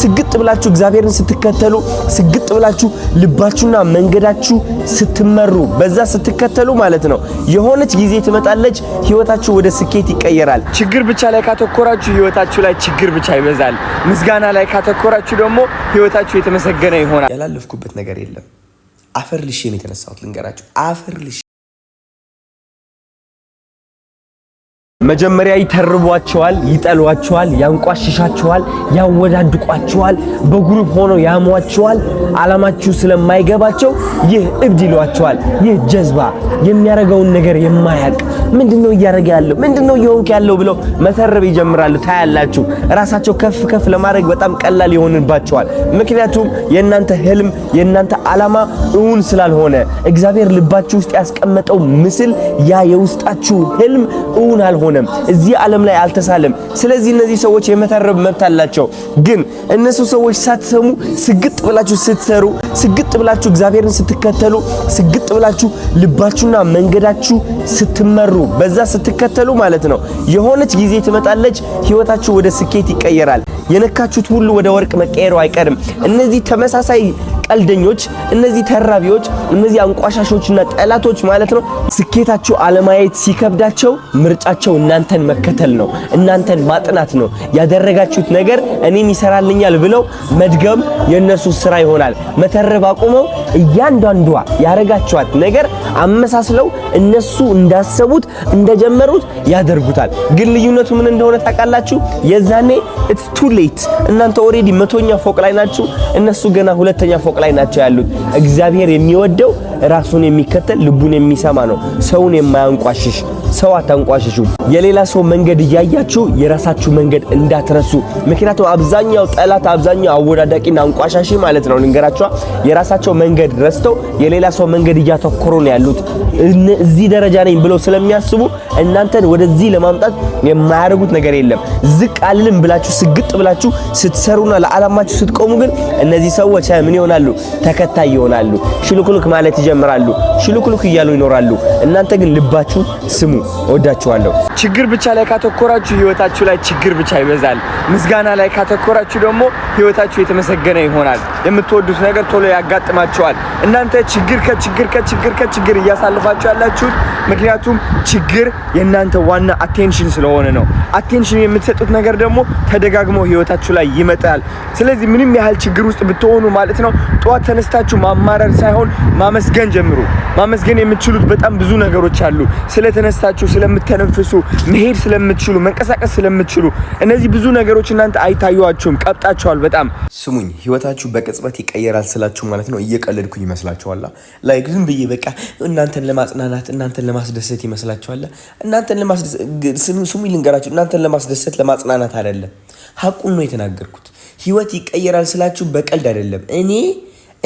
ስግጥ ብላችሁ እግዚአብሔርን ስትከተሉ፣ ስግጥ ብላችሁ ልባችሁና መንገዳችሁ ስትመሩ፣ በዛ ስትከተሉ ማለት ነው የሆነች ጊዜ ትመጣለች፣ ህይወታችሁ ወደ ስኬት ይቀየራል። ችግር ብቻ ላይ ካተኮራችሁ ህይወታችሁ ላይ ችግር ብቻ ይበዛል። ምስጋና ላይ ካተኮራችሁ ደግሞ ህይወታችሁ የተመሰገነ ይሆናል። ያላለፍኩበት ነገር የለም። አፈር ልሼ ነው የተነሳሁት። ልንገራችሁ፣ አፈር መጀመሪያ ይተርቧቸዋል፣ ይጠሏቸዋል፣ ያንቋሽሻቸዋል፣ ያወዳድቋቸዋል፣ በግሩፕ ሆነው ያሟቸዋል። ዓላማችሁ ስለማይገባቸው ይህ እብድ ይሏቸዋል። ይህ ጀዝባ የሚያረገውን ነገር የማያቅ ምንድነው እያረገ ያለው ምንድነው እየሆንክ ያለው ብለው መተረብ ይጀምራሉ። ታያላችሁ፣ ራሳቸው ከፍ ከፍ ለማድረግ በጣም ቀላል ይሆንባቸዋል። ምክንያቱም የእናንተ ህልም የእናንተ አላማ እውን ስላልሆነ እግዚአብሔር ልባችሁ ውስጥ ያስቀመጠው ምስል ያ የውስጣችሁ ህልም እውን አልሆነ አልሆነም፣ እዚህ ዓለም ላይ አልተሳለም። ስለዚህ እነዚህ ሰዎች የመተረብ መብት አላቸው። ግን እነሱ ሰዎች ሳትሰሙ ስግጥ ብላችሁ ስትሰሩ፣ ስግጥ ብላችሁ እግዚአብሔርን ስትከተሉ፣ ስግጥ ብላችሁ ልባችሁና መንገዳችሁ ስትመሩ፣ በዛ ስትከተሉ ማለት ነው የሆነች ጊዜ ትመጣለች፣ ህይወታችሁ ወደ ስኬት ይቀየራል። የነካችሁት ሁሉ ወደ ወርቅ መቀየሩ አይቀርም። እነዚህ ተመሳሳይ ቀልደኞች፣ እነዚህ ተራቢዎች፣ እነዚህ አንቋሻሾችና ጠላቶች ማለት ነው ስኬታቸው አለማየት ሲከብዳቸው ምርጫቸው እናንተን መከተል ነው፣ እናንተን ማጥናት ነው። ያደረጋችሁት ነገር እኔም ይሰራልኛል ብለው መድገም የእነሱ ስራ ይሆናል። መተረብ አቁመው እያንዳንዷ ያረጋችኋት ነገር አመሳስለው እነሱ እንዳሰቡት እንደጀመሩት ያደርጉታል። ግን ልዩነቱ ምን እንደሆነ ታውቃላችሁ? የዛኔ ኢትስ ቱ ሌት። እናንተ ኦሬዲ መቶኛ ፎቅ ላይ ናችሁ፣ እነሱ ገና ሁለተኛ ፎቅ ላይ ናቸው ያሉት። እግዚአብሔር የሚወደው ራሱን የሚከተል ልቡን የሚሰማ ነው፣ ሰውን የማያንቋሽሽ። ሰው አታንቋሽሹ። የሌላ ሰው መንገድ እያያችሁ የራሳችሁ መንገድ እንዳትረሱ። ምክንያቱም አብዛኛው ጠላት፣ አብዛኛው አወዳዳቂና አንቋሻሽ ማለት ነው። ልንገራችኋ፣ የራሳቸው መንገድ ረስተው የሌላ ሰው መንገድ እያተኮሩ ነው ያሉት። እዚህ ደረጃ ነኝ ብለው ስለሚያስቡ እናንተን ወደዚህ ለማምጣት የማያደርጉት ነገር የለም። ዝቅ አልልም ብላችሁ ስግጥ ብላችሁ ስትሰሩና ለዓላማችሁ ስትቆሙ ግን እነዚህ ሰዎች ምን ይሆናሉ? ተከታይ ይሆናሉ፣ ሽሉክሉክ ማለት ይጀምራሉ፣ ሽሉክሉክ እያሉ ይኖራሉ። እናንተ ግን ልባችሁ ስሙ። እወዳችኋለሁ። ችግር ብቻ ላይ ካተኮራችሁ ህይወታችሁ ላይ ችግር ብቻ ይበዛል። ምስጋና ላይ ካተኮራችሁ ደግሞ ህይወታችሁ የተመሰገነ ይሆናል። የምትወዱት ነገር ቶሎ ያጋጥማችኋል። እናንተ ችግር ከችግር ከችግር ከችግር እያሳልፋችሁ ያላችሁት ምክንያቱም ችግር የእናንተ ዋና አቴንሽን ስለሆነ ነው። አቴንሽን የምትሰጡት ነገር ደግሞ ተደጋግሞ ህይወታችሁ ላይ ይመጣል። ስለዚህ ምንም ያህል ችግር ውስጥ ብትሆኑ ማለት ነው ጠዋት ተነስታችሁ ማማረር ሳይሆን ማመስገን ጀምሩ። ማመስገን የምትችሉት በጣም ብዙ ነገሮች አሉ። ስለተነሳችሁ ስለምተነፍሱ መሄድ ስለምትችሉ መንቀሳቀስ ስለምትችሉ እነዚህ ብዙ ነገሮች እናንተ አይታዩዋችሁም፣ ቀብጣችኋል። በጣም ስሙኝ፣ ህይወታችሁ በቅጽበት ይቀየራል ስላችሁ ማለት ነው እየቀለድኩኝ ይመስላችኋላ። ላይክ ዝም ብዬ በቃ እናንተን ለማጽናናት እናንተን ለማስደሰት ይመስላችኋላ። እናንተን ስሙ ልንገራችሁ፣ እናንተን ለማስደሰት ለማጽናናት አይደለም፣ ሀቁን ነው የተናገርኩት። ህይወት ይቀየራል ስላችሁ በቀልድ አይደለም። እኔ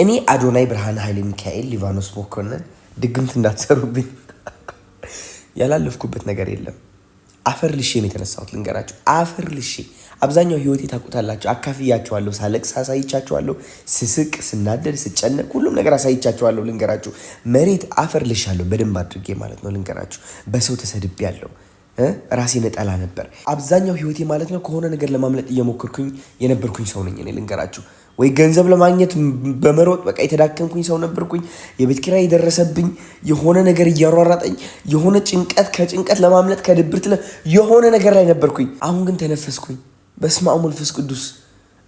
እኔ አዶናይ ብርሃነ ኃይለ ሚካኤል ሊቫኖስ ሞኮነን ድግምት እንዳትሰሩብኝ። ያላለፍኩበት ነገር የለም። አፈር ልሼ ነው የተነሳሁት። ልንገራችሁ፣ አፈር ልሼ አብዛኛው ህይወቴ ታውቁታላችሁ። አካፍያችኋለሁ፣ ሳለቅስ አሳይቻችኋለሁ፣ ስስቅ፣ ስናደድ፣ ስጨነቅ ሁሉም ነገር አሳይቻችኋለሁ። ልንገራችሁ፣ መሬት አፈር ልሻለሁ በደንብ አድርጌ ማለት ነው። ልንገራችሁ፣ በሰው ያለው ራሴ ነጠላ ነበር አብዛኛው ህይወቴ ማለት ነው። ከሆነ ነገር ለማምለጥ እየሞከርኩኝ የነበርኩኝ ሰው ነኝ እኔ ልንገራችሁ። ወይ ገንዘብ ለማግኘት በመሮጥ በቃ የተዳከምኩኝ ሰው ነበርኩኝ። የቤት ኪራይ የደረሰብኝ የሆነ ነገር እያሯራጠኝ የሆነ ጭንቀት ከጭንቀት ለማምለጥ ከድብርት የሆነ ነገር ላይ ነበርኩኝ። አሁን ግን ተነፈስኩኝ በስመ አብ ቅዱስ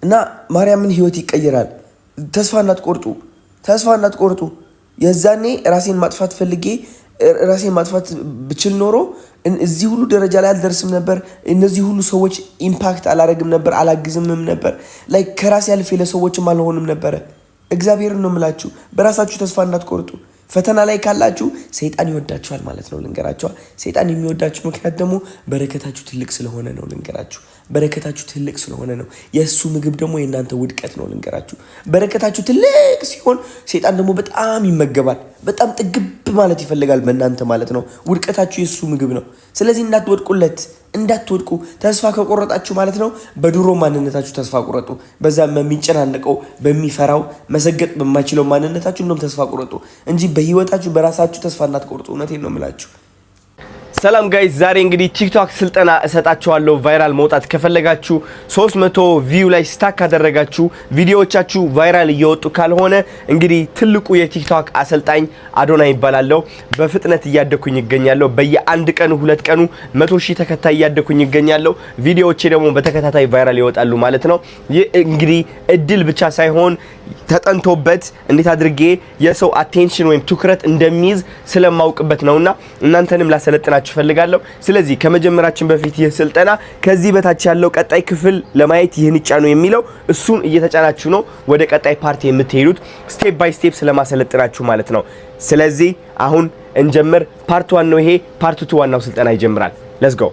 እና ማርያምን ህይወት ይቀይራል። ተስፋ እናትቆርጡ ተስፋ እናትቆርጡ። የዛኔ ራሴን ማጥፋት ፈልጌ ራሴን ማጥፋት ብችል ኖሮ እዚህ ሁሉ ደረጃ ላይ አልደርስም ነበር። እነዚህ ሁሉ ሰዎች ኢምፓክት አላረግም ነበር፣ አላግዝምም ነበር። ላይ ከራሴ አልፌ ለሰዎችም አልሆንም ነበረ። እግዚአብሔርን ነው የምላችሁ። በራሳችሁ ተስፋ እንዳትቆርጡ። ፈተና ላይ ካላችሁ ሰይጣን ይወዳችኋል ማለት ነው። ልንገራችኋል። ሰይጣን የሚወዳችሁ ምክንያት ደግሞ በረከታችሁ ትልቅ ስለሆነ ነው። ልንገራችሁ በረከታችሁ ትልቅ ስለሆነ ነው። የእሱ ምግብ ደግሞ የእናንተ ውድቀት ነው። ልንገራችሁ፣ በረከታችሁ ትልቅ ሲሆን ሴጣን ደግሞ በጣም ይመገባል። በጣም ጥግብ ማለት ይፈልጋል በእናንተ ማለት ነው። ውድቀታችሁ የእሱ ምግብ ነው። ስለዚህ እንዳትወድቁለት እንዳትወድቁ ተስፋ ከቆረጣችሁ ማለት ነው። በድሮ ማንነታችሁ ተስፋ ቁረጡ በዛ በሚጨናነቀው በሚፈራው መሰገጥ በማይችለው ማንነታችሁ እንደውም ተስፋ ቆረጡ እንጂ በህይወታችሁ በራሳችሁ ተስፋ እንዳትቆርጡ። እውነቴን ነው የምላችሁ። ሰላም ጋይዝ ዛሬ እንግዲህ ቲክቶክ ስልጠና እሰጣችኋለሁ። ቫይራል መውጣት ከፈለጋችሁ 300 ቪው ላይ ስታክ ካደረጋችሁ ቪዲዮዎቻችሁ ቫይራል እየወጡ ካልሆነ እንግዲህ ትልቁ የቲክቶክ አሰልጣኝ አዶና ይባላለሁ። በፍጥነት እያደኩኝ ይገኛለሁ። በየአንድ ቀኑ ሁለት ቀኑ 100 ሺህ ተከታይ እያደኩኝ ይገኛለሁ። ቪዲዮዎቼ ደግሞ በተከታታይ ቫይራል ይወጣሉ ማለት ነው። ይህ እንግዲህ እድል ብቻ ሳይሆን ተጠንቶበት እንዴት አድርጌ የሰው አቴንሽን ወይም ትኩረት እንደሚይዝ ስለማውቅበት ነውና እናንተንም ላሰለጥናችሁ ፈልጋለሁ ስለዚህ ከመጀመራችን በፊት ይህ ስልጠና ከዚህ በታች ያለው ቀጣይ ክፍል ለማየት ይህን ይጫኑ የሚለው እሱን እየተጫናችሁ ነው ወደ ቀጣይ ፓርቲ የምትሄዱት ስቴፕ ባይ ስቴፕ ስለማሰለጥናችሁ ማለት ነው። ስለዚህ አሁን እንጀምር። ፓርት ዋን ነው ይሄ። ፓርት ቱ ዋናው ስልጠና ይጀምራል። ለትስ ጎ